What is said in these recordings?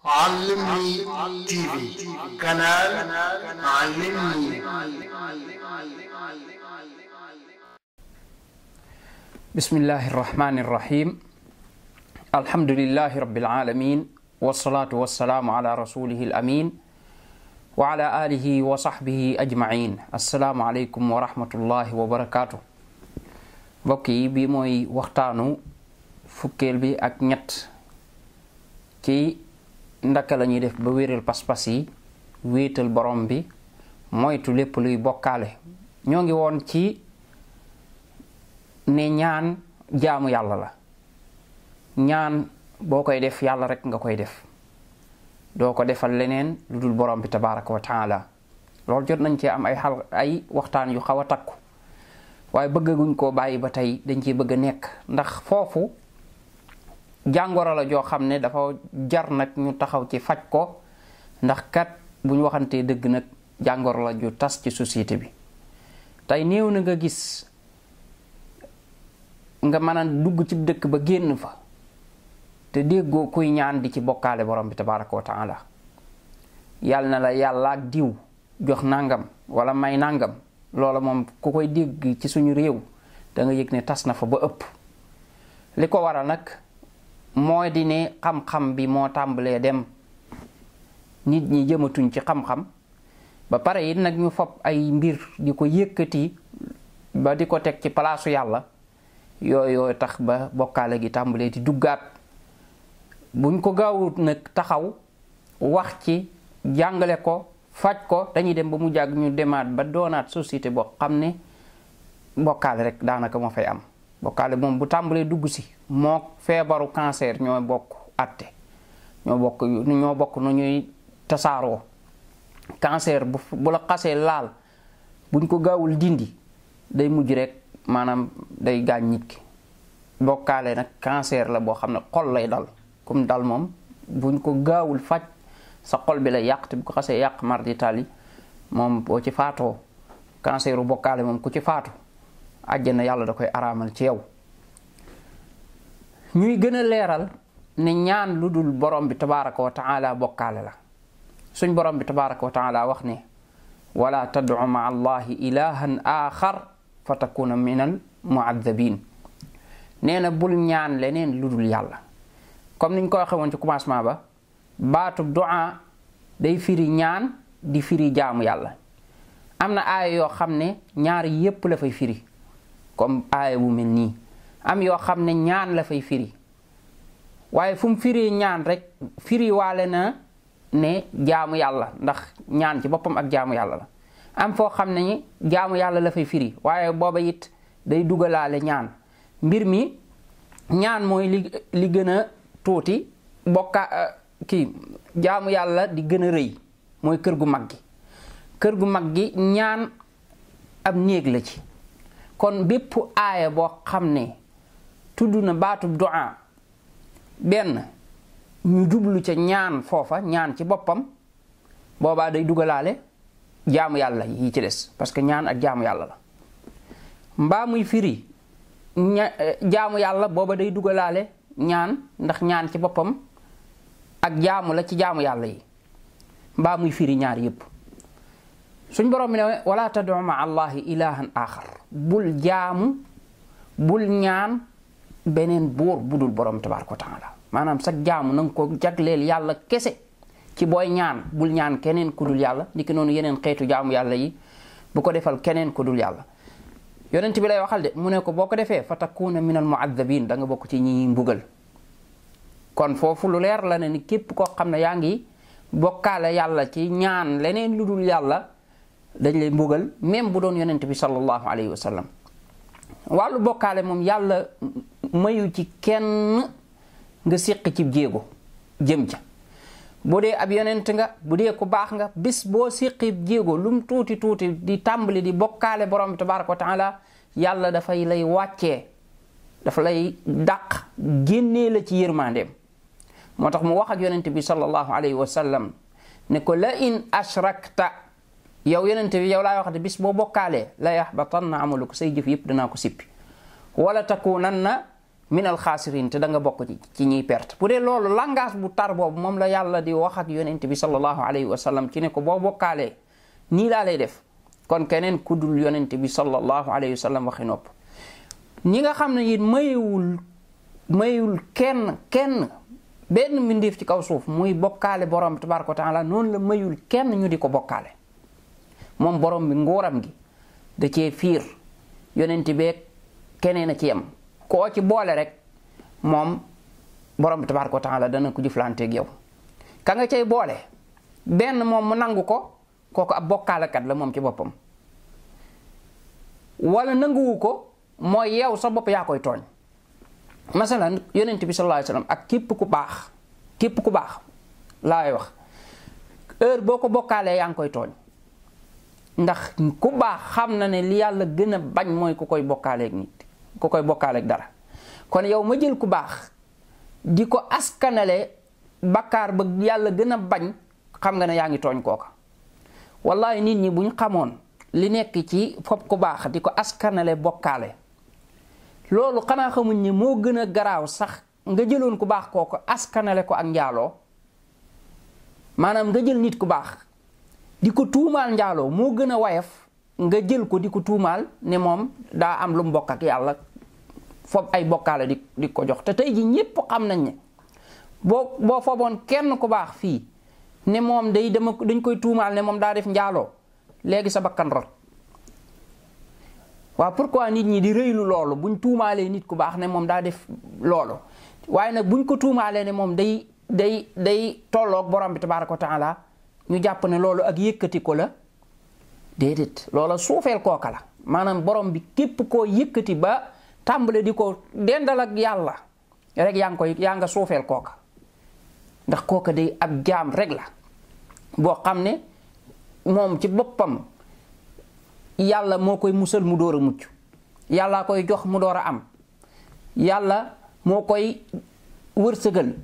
علمني TV قناة علمني بسم الله الرحمن الرحيم الحمد لله رب العالمين والصلاة والسلام على رسوله الأمين وعلى آله وصحبه أجمعين السلام عليكم ورحمة الله وبركاته بكي بي موي وقتانو فكيل بي أك ci ndaka la ñuy def ba wéeral pas-pas yi wéetal borom bi moytu lépp luy bokkaale ñoo ngi woon ci ne ñaan jaamu yàlla la ñaan boo koy def yàlla rek nga koy def doo ko defal leneen lu dul borom bi tabaraka wa taala loolu jot nañ cee am ay waxtaan yu xaw a takku waaye bëggaguñ koo bàyyi ba tey dañ ciy bëgg a nekk ndax foofu jàngoro la joo xam ne dafa jar nag ñu taxaw ci faj ko ndax kat bu ñu waxantee dëgg nag jàngoro la ju tas ci société bi tey néew na nga gis nga mën a dugg ci dëkk ba génn fa te déggoo kuy ñaan di ci bokkaale borom bi tabaraka wa taala yàlla na la yàlla ak diw jox nangam walla may nangam loola moom ku koy dégg ci suñu réew danga nga yëg ne tas na fa ba ëpp li ko waral nag moo di ne xam-xam bi moo tàmbalee dem nit ñi jëmatuñ ci xam-xam ba pare it nag ñu fab ay mbir di ko yëkkati ba di ko teg ci palaasu yàlla yooyoo tax ba bokkaale gi tàmbalee di duggaat buñ ko gaawut nag taxaw wax ci jàngale ko faj ko dañuy dem ba mu jàgg ñu demaat ba doonaat société boo xam ne bokkaale rek daanaka moo fay am bokkaale moom bu tàmbalee dugg si moo feebaru cancer ñoo bokk atte ñoo bokk ñoo bokk nu ñuy tasaaroo cancer bu bu la xasee laal buñ ko gaawul dindi day mujj rek maanaam day gaañ nit ki bokkaale nag cancer la boo xam ne xol lay dal comme dal moom buñ ko gaawul faj sa xol bi lay yàq te bu ko xasee yàq mar tali moom boo ci faatoo cancer bu bokkaale moom ku ci faatu àjjana yàlla da koy araamal ci yow ñuy gën a leeral ne ñaan lu dul borom bi tabaraka wa bokkaale la suñ borom bi tabaraka wa taala wax ne wala tadcu maa allahi ilahan axar fa takuna min al muadabin nee na bul ñaan leneen lu dul yàlla comme niñ ko waxee woon ci commencement ba baatu du'a day firi ñaan di firi jaamu yàlla am na aaya yoo xam ne ñaar yépp la fay firi comme bu mel nii am yoo xam ne ñaan la fay firi waaye fum mu ñaan rek firi waale na ne jaamu yàlla ndax ñaan ci boppam ak jaamu yàlla la am foo xam ne jaamu yàlla la fay firi waaye booba it day dugalaale ñaan mbir mi ñaan mooy li gën a tuuti bokka eh, kii jaamu yàlla di gën a rëy mooy kër gu mag gi kër gu mag gi ñaan ab néeg la ci kon bépp aaya boo xam ne tudd na baatu du'a benn ñu jublu ca ñaan foofa ñaan ci boppam boobaa day dugalaale jaamu yàlla yi ci des parce que ñaan ak jaamu yàlla la mbaa muy firi jaamu yàlla booba day dugalaale ñaan ndax ñaan ci boppam ak jaamu la ci jaamu yàlla yi mbaa muy firi ñaar yépp suñ borom mi ne wala tad'u ma'a allahi ilahan axar bul jaamu bul ñaan beneen buur dul borom tabaaraka wa maanaam sag jaamu na nga ko jagleel yàlla kese ci booy ñaan bul ñaan keneen ku dul yàlla niki noonu yeneen xeetu jaamu yàlla yi bu ko defal keneen ku dul yàlla yonent bi lay waxal mu ne ko boo ko defee fa takuna min al mu'adhabin da nga bokk ci ñi mbugal kon foofu lu leer la ne ni képp koo xam ne yaa ngi bokkaale yàlla ci ñaan leneen lu yàlla dañ lay mbugal même bu doon yonent bi sallallahu alayhi wa sallam wàllu bokkaale moom yàlla mayu ci kenn nga séq ci jéego jëm ca bu dee ab yonent nga bu dee ku baax nga bis boo séqi jéego lum tuuti tuuti di tàmbali di bokkaale borom bi tabaraka wa taala yàlla dafay lay wàccee dafa lay dàq génnee la ci yërmandeem moo tax mu wax ak yonent bi sallallahu alayhi wa sallam ne ko la in ashrakta yow yonente bi yow laay waxate bis boo bokkaalee la yaxbatanna amaluka say jëf yëpp danaa ko sippi wala takunanna min alxaasirin te da nga bokk ci ci ñiy perte bu dee loolu langage bu tar boobu moom la yàlla di wax ak yonente bi sallallahu alayhi wa sallam ci ne ko boo bokkaalee nii laa lay def kon keneen kudul yonente bi sallallahu alayhi wa sallam waxi nopp ñi nga xam ne it mayewul mayul kenn kenn benn mbindeef ci kaw suuf muy bokkaale borom tabaraka wa taala noonu la mayul kenn ñu di ko bokkaale moom borom bi nguuram gi da cee fiir yonenti beeg keneen a ci yem koo ci boole rek moom borom bi ko wa taala dana ko jëflanteeg yow ka nga cay boole benn moom mu nangu ko kooku ab bokkaalakat la moom ci boppam walla nanguwu ko mooy yow sa bopp yaa koy tooñ masalan yonent bi sallallahu alayhi ak képp ku baax képp ku baax laay wax heure boo ko bokkaalee yaa ngi koy tooñ ndax ku baax xam na ne li yàlla gën a bañ mooy ku koy bokkaaleeg nit ku koy bokkaaleeg dara kon yow ma jël ku baax di ko askanale bakkaar ba yàlla gën bañ xam nga ne yaa ngi tooñ kooka wallahi nit ñi buñ xamoon li nekk ci fopp ku baax di ko askanale bokkaale loolu xanaa xamuñ ni moo gën a garaaw sax nga jëloon ku baax kooku askanale ko ak njaaloo maanaam nga jël nit ku baax di ko tuumaal njaaloo moo gën a wayaf nga jël ko di ko tuumaal ne moom daa am lu mu bokk yàlla foog ay bokkaale di ko jox te tey ji ñépp xam nañ ne boo boo foboon kenn ku baax fii ne moom day dama dañ koy tuumaal ne moom daa def njaaloo léegi sa bakkan rot waaw pourquoi nit ñi di rëylu loolu buñ tuumaalee nit ku baax ne moom daa def loolu waaye nag buñ ko tuumaalee ne moom day day day tolloog borom bi tabaaraka wa taala ñu jàpp ne loolu ak yëkkati ko la déedéet loola suufeel kooka la maanaam borom bi képp koo yëkkati ba tàmbale di ko dendal ak yàlla rek yaa ngi koy yaa nga suufeel kooka ndax kooka day ab jaam rekk la boo xam ne moom ci boppam yàlla moo koy musal mu door a mucc yàllaa koy jox mu door a am yàlla moo koy wërsëgal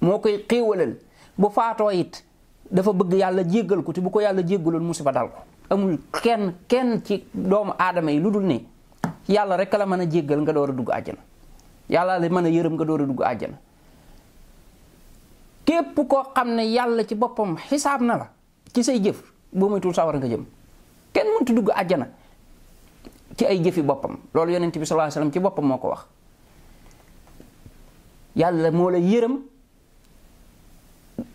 moo koy xéewalal bu faatoo it dafa bëgg yàlla jéggal ko te bu ko yàlla jéggaloon musiba dal ko amul kenn kenn ci doomu aadama yi lu dul nii yàlla rek la mën a jéggal nga door a dugg àjjana yàlla la mën a yërëm nga door a dugg àjjana képp koo xam ne yàlla ci boppam xisaab na la ci say jëf boo moytuwul sawar nga jëm kenn mënut dugg àjjana ci ay jëfi boppam loolu yonent bi sallallahu ci boppam moo ko wax yàlla moo la yërëm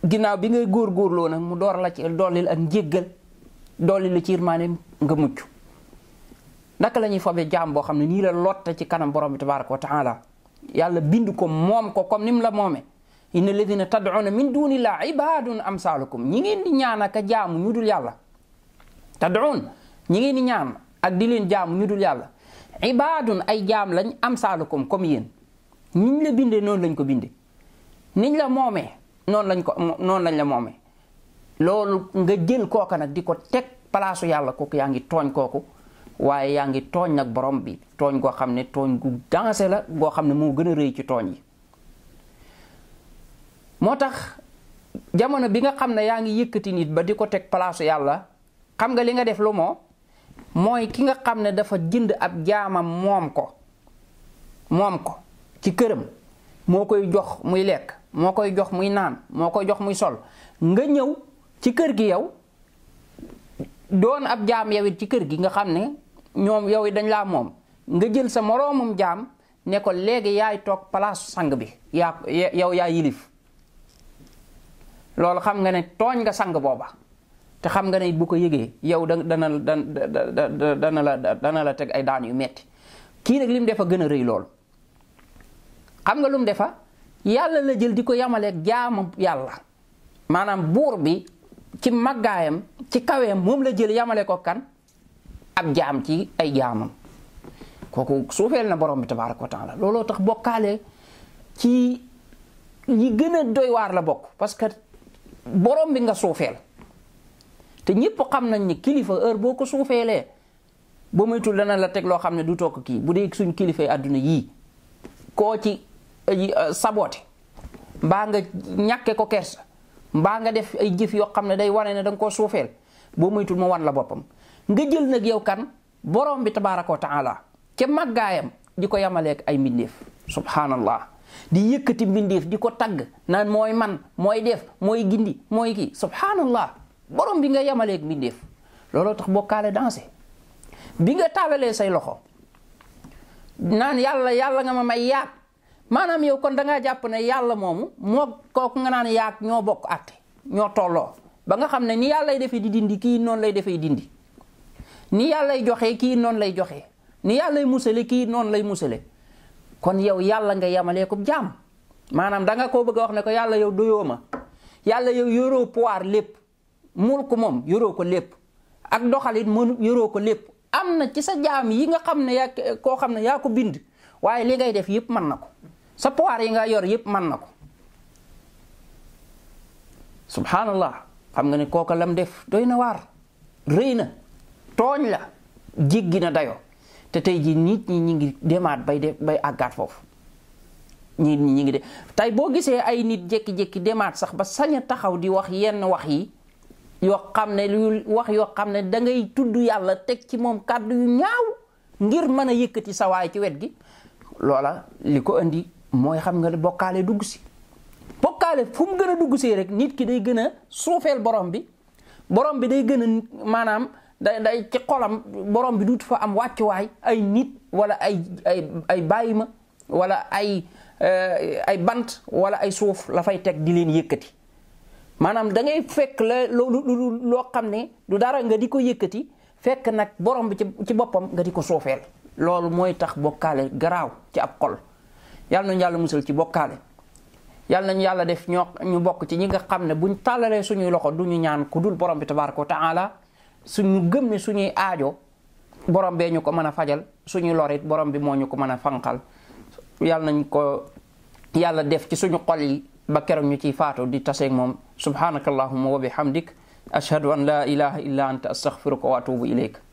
ginnaaw bi ngay góorgóorloo nag mu door la ci dolli ak njéggal dolli la ci yërmaane nga mucc naka la ñuy fobe jaam boo xam ne nii la lotta ci kanam borom bi tabaraka wa taala yàlla bind ko moom ko comme ni mu la moomee inna alladina tad'una min dunillah ibadun amsalukum ñi ngeen di ñaan jaamu ñu dul yàlla tad'un ñi ngeen di ñaan ak di jaamu ñu dul yàlla ibaadun ay jaam lañ amsalukum comme yéen niñ la bindee noonu lañ ko bindee niñ la moomee noonu lañ ko noonu lañ la moomee loolu nga jël kooka nag di ko teg palaasu yàlla kooku yaa ngi tooñ kooku waaye yaa ngi tooñ nag borom bi tooñ goo xam ne tooñ gu dansé la goo xam ne moo gën a rëy ci tooñ yi moo tax jamono bi nga xam ne yaa ngi yëkkati nit ba di ko teg palaasu yàlla xam nga li nga def lu moo mooy ki nga xam ne dafa jënd ab jaamam moom ko moom ko ci këram moo koy jox muy lekk moo koy jox muy naan moo koy jox muy sol nga ñëw ci kër gi yow doon ab jaam yow it ci kër gi nga xam ne ñoom yow it dañ laa moom nga jël sa moroomum jaam ne ko léegi yaay toog palaasu sang bi yaa yow yaa yilif loolu xam nga ne tooñ nga sang booba te xam nga ne bu ko yëgee yow da dana da dana la teg ay daan yu metti kii nag li defa gën a rëy loolu xam nga lu defa yàlla la jël di ko yamaleeg jaamam yàlla maanaam buur bi ci màggaayam ci kaweem moom la jël yamale ko kan ab jaam ci ay jaamam kooku suufeel na borom bi tabaaraka wa taala looloo tax bokkaale ci yi gën a doy waar la bokk parce que borom bi nga suufeel te ñëpp xam nañ ni kilifa heure boo ko suufeelee boo moytul dana la teg loo xam ne du toog kii bu dee suñ kilifay àdduna yii Euh, saboté mbaa nga ñàkke ko kersa mbaa nga def ay jëf yoo xam ne day wane ne da nga koo suufeel boo moytul ma wan la boppam nga jël nag yow kan boroom bi tabaaraka wa taala ca màggaayam di ko yamaleek ay mbindeef subhanallah di yëkkati mbindeef di ko tagg naan mooy man mooy def mooy gindi mooy kii subhanallah borom bi nga yamaleek mbindeef looloo tax bokkaale dansé bi nga taawalee say loxo naan yàlla nga ma may yaat maanaam yow kon dangaa ngaa jàpp ne yàlla moomu moo kooku nga naan yaag ñoo bokk àtte ñoo tolloo ba nga xam ne ni yàllay defee di dindi kii noonu lay defee dindi ni yàllay joxe kii noonu lay joxe ni yàllay musale kii noonu lay musale kon yow yàlla nga yemalee ko jaam maanaam da nga koo bëgg a wax ne ko yàlla yow doyoo ma yàlla yow yoroo pouvoir lépp mul ko moom yoroo ko lépp ak doxalit mënu yoroo ko lépp am na ci sa jaam yi nga xam ne koo xam ne yaa ko bind waaye li ngay def yëpp mën na ko sa pouvoir yi nga yor yëpp man na ko subhanallah xam nga ne kooka lam def doy na waar rëy na tooñ la jéggi na dayoo te tey ji nit ñi ñi ngi demaat bay de bay àggaat foofu nit ñi ñi ngi de tey boo gisee ay nit jékki-jékki demaat sax ba sañ taxaw di wax yenn wax yi yoo xam ne lu wax yoo xam ne dangay tudd yàlla teg ci moom kàddu yu ñaaw ngir mën a yëkkati sawaay ci wet gi loola li ko indi mooy xam nga ne bokkaale dugg si bokkaale fu mu gën a dugg see rek nit ki day gën a suufeel borom bi borom bi day gën a maanaam da day ci xolam borom bi du fa am wàccuwaay ay nit wala ay ay ay bàyyi ma wala ay eh, ay bant wala ay suuf la fay teg di leen yëkkati maanaam da ngay fekk la loo loo xam ne du dara nga di ko yëkkati fekk nag borom bi ci boppam nga di ko suufeel loolu mooy tax bokkaale garaaw ci ab xol yàlla nañu yàlla musal ci bokkaale yàlla nañ yàlla def ñoo ñu bokk ci ñi nga xam ne buñ tàllalee suñuy loxo du ñu ñaan ku dul borom bi tabaaraka wa taala suñu gëm suñuy aajo borom bee ñu ko mën a fajal suñuy lor it bi moo ñu ko mën a fanqal yàlla nañ ko yàlla def ci suñu xol yi ba keroog ñu ciy faatu di taseeg moom subhanaka allahuma wa bihamdik ashhadu an la ilaha illa anta astaghfiruka wa atubu ilayk